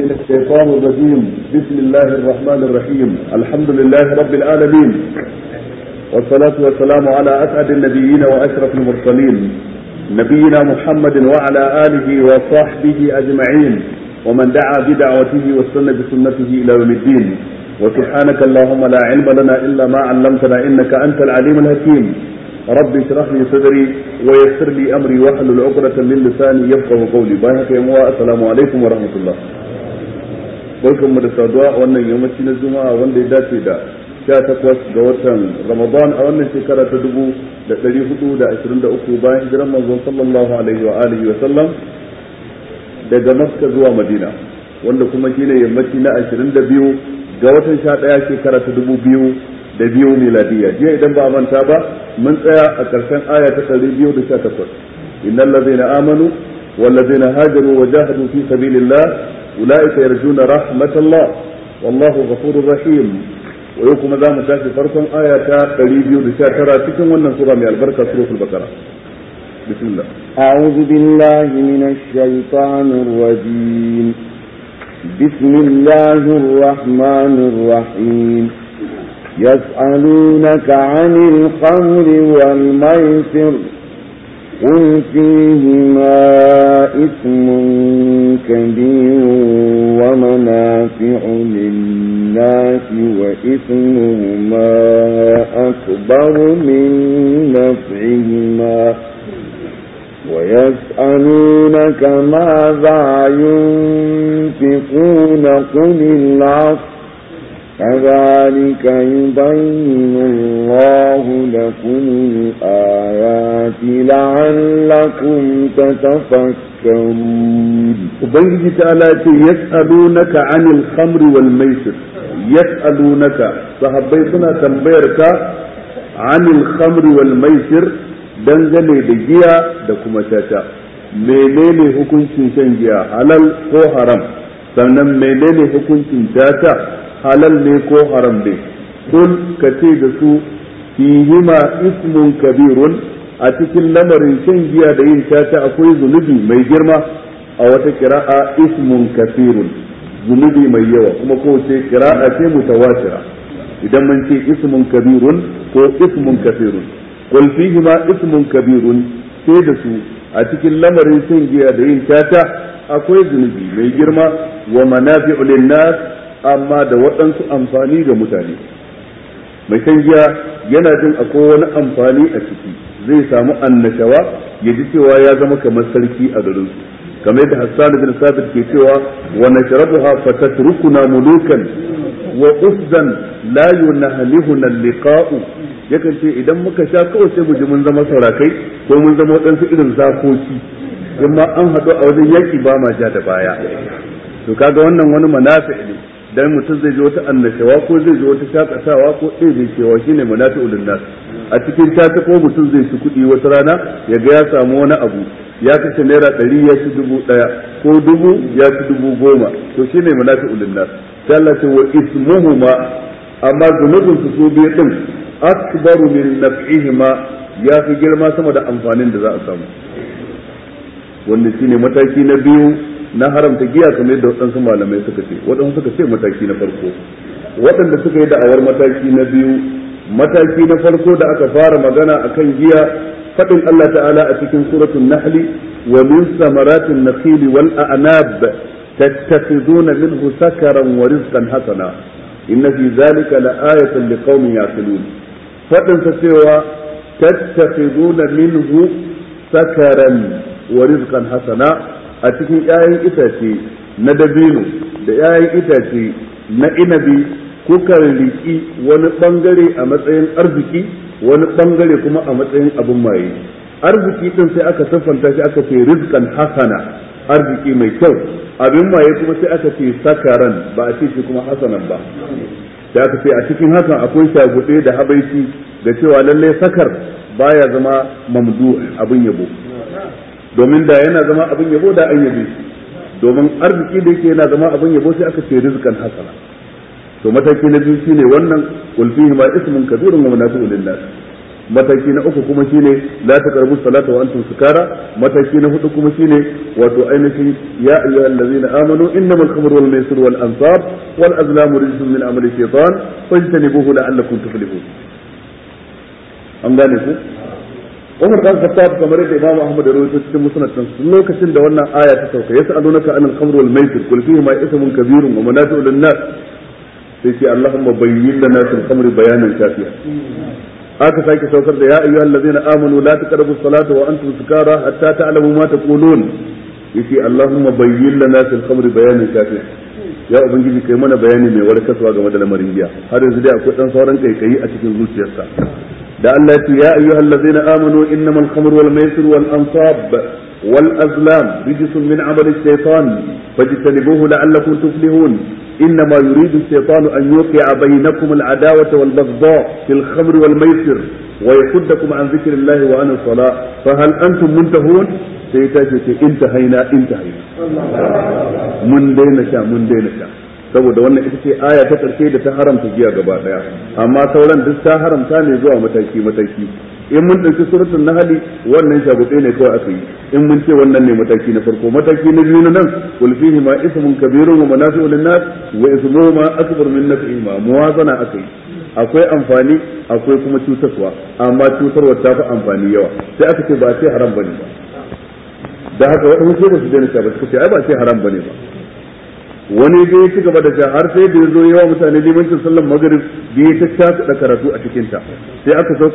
من الشيطان الرجيم بسم الله الرحمن الرحيم الحمد لله رب العالمين والصلاة والسلام على أسعد النبيين وأشرف المرسلين نبينا محمد وعلى آله وصحبه أجمعين ومن دعا بدعوته واستنى بسنته إلى يوم الدين وسبحانك اللهم لا علم لنا إلا ما علمتنا إنك أنت العليم الحكيم رب اشرح لي صدري ويسر لي امري واحلل عقدة من لساني يفقه قولي باهك يا السلام عليكم ورحمة الله barkan mu da saduwa a wannan yammaci na juma'a wanda ya dace da sha takwas ga watan ramadan a wannan shekara ta dubu da da da hudu ashirin uku bayan hijiran manzon sallallahu alaihi wa alihi wa sallam daga maska zuwa madina wanda kuma shine yammaci na ashirin da biyu ga watan sha daya shekara ta dubu biyu da biyu miladiya jiya idan ba a manta ba mun tsaya a ƙarshen aya ta biyu da sha takwas innal ladzina amanu wal ladzina hajaru wa jahadu fi sabilillah أولئك يرجون رحمة الله والله غفور رحيم ويوكم ذا متاشي فرقم آياتا قليبي يدشاكرا تكن ونن سورة من البركة سورة البقرة بسم الله أعوذ بالله من الشيطان الرجيم بسم الله الرحمن الرحيم يسألونك عن الخمر والميسر قل فيهما إثم كبير ومنافع للناس وإثمهما أكبر من نفعهما ويسألونك ماذا ينفقون قل العصر كذلك يبين الله لكم الآيات لعلكم تتفكرون وبنجي تعالى يسألونك عن الخمر والميسر يسألونك صحبيتنا تنبيرك عن الخمر والميسر dangane da giya da kuma caca menene hukuncin shan giya halal ko haram sannan menene hukuncin caca halal ne ko haram ne kul ka ce da su fihima ismun kabirun a cikin lamarin shan giya da yin caca akwai zunubi mai girma a wata kira'a ismun kasirun zunubi mai yawa kuma ce kira'a ce mutawatira idan mun ce ismun kabirun ko ismun kasirun kul fihima ismun kabirun sai da su a cikin lamarin shan giya da yin caca akwai zunubi mai girma wa manafi'u lin-nas amma da waɗansu amfani ga mutane mai shan yana jin akwai wani amfani a ciki zai samu annashawa ya ji cewa ya zama kamar sarki a garin su kamar yadda Hassan bin Sabit ke cewa wa nashrabuha fatatrukuna mulukan wa ufdan la yunahlihuna liqa'u yakan ce idan muka sha kawai sai mu ji mun zama sarakai ko mun zama waɗansu irin zakoki in ma an haɗu a wajen yaki ba ma ja da baya to kaga wannan wani manafi ne dan mutum zai ji wata annashawa ko zai ji wata shakatawa ko ɗaya zai cewa shine munafi'ul nas a cikin ta ko mutum zai ci kudi wata rana ya ga ya samu wani abu ya kashe naira ɗari ya ci dubu ɗaya ko dubu ya ci dubu goma to shine munafi'ul linnas sai Allah ce wa ismuhuma amma zunubin su su bi din akbaru min naf'ihima ya fi girma sama da amfanin da za a samu wanda shine mataki na biyu na haramta giya kamar yadda waɗansu malamai suka ce waɗansu suka ce mataki na farko waɗanda suka yi da'awar mataki na biyu mataki na farko da aka fara magana akan giya faɗin Allah ta'ala a cikin suratul nahli wa min samaratin nakhili wal a'nab tattakhizuna minhu sakaran wa rizqan hasana inna fi zalika la'ayatan liqaumin yaqilun faɗin sa cewa tattakhizuna minhu sakaran wa rizqan hasana a cikin 'ya'yan itace na dabino da 'ya'yan itace na inabi kukan riƙi wani bangare a matsayin arziki wani bangare kuma a matsayin abin maye arziki din sai aka siffanta shi aka ce rizqan hasana arziki mai kyau abin maye kuma sai aka ce sakaran ba a ce shi kuma hasanan ba da aka ce a cikin hakan akwai shagude da habaici da cewa lalle sakar baya zama mamdu abin yabo domin da yana zama abin yabo da an yabe shi domin arziki da yake yana zama abin yabo sai aka ce rizqan hasana to mataki na biyu shine wannan qul ismin ma ismun kabirun wa munafiqun lillah mataki na uku kuma shine la taqrabu salata wa antum sukara mataki na hudu kuma shine wato ainihin ya ayyuhallazina amanu innamal khamru wal maisir wal ansab wal azlamu rijsun min amali shaytan fajtanibuhu la'allakum tuflihun an gane ku Umar dan Khattab kamar yadda Imam Ahmad da rawaito cikin musnad lokacin da wannan aya ta sauka yas'alunaka anil khamr wal maisir qul fihi ma ithmun kabirun wa manafi'u lin nas sai ce Allahumma bayyin lana fil khamr bayanan kafiya aka sake saukar da ya ayyuhal ladzina amanu la taqrabu salata wa antum sukara hatta ta'lamu ma taqulun yace Allahumma bayyin lana fil khamr bayanan kafiya ya ubangiji kai mana bayani mai warkaswa game da lamarin giya har yanzu dai akwai dan sauran kai kaikayi a cikin zuciyarsa da Allah ya ce ya ayyuhal ladzina amanu innamal khamru wal maisir wal ansab wal azlam rijsun min amali shaytan fajtanibuhu la'allakum tuflihun إنما يريد الشيطان أن يوقع بينكم العداوة والبغضاء في الخمر والميسر ويصدكم عن ذكر الله وعن الصلاة فهل أنتم منتهون؟ سيتاجي انتهينا انتهينا من دين شاء من دين شاء saboda wannan ita ce aya ta karshe da ta haramta giya gaba daya amma sauran duk ta haramta ne zuwa mataki mataki in mun ɗauki suratul nahli wannan shagube ne kawai aka yi in mun ce wannan ne mataki na farko mataki na biyu na nan kul fihi ma ismun kabirun wa manafi'u lin-nas wa ismuhuma akbar min naf'ihima muwazana aka yi akwai amfani akwai kuma cutarwa amma cutarwa ta fi amfani yawa sai aka ce ba sai haram bane ba da haka waɗansu sai ba su daina ba ce ai ba sai haram bane ba wani zai ci gaba da har sai da ya zo yawa mutane limancin sallan magrib da ta ta da karatu a cikin ta sai aka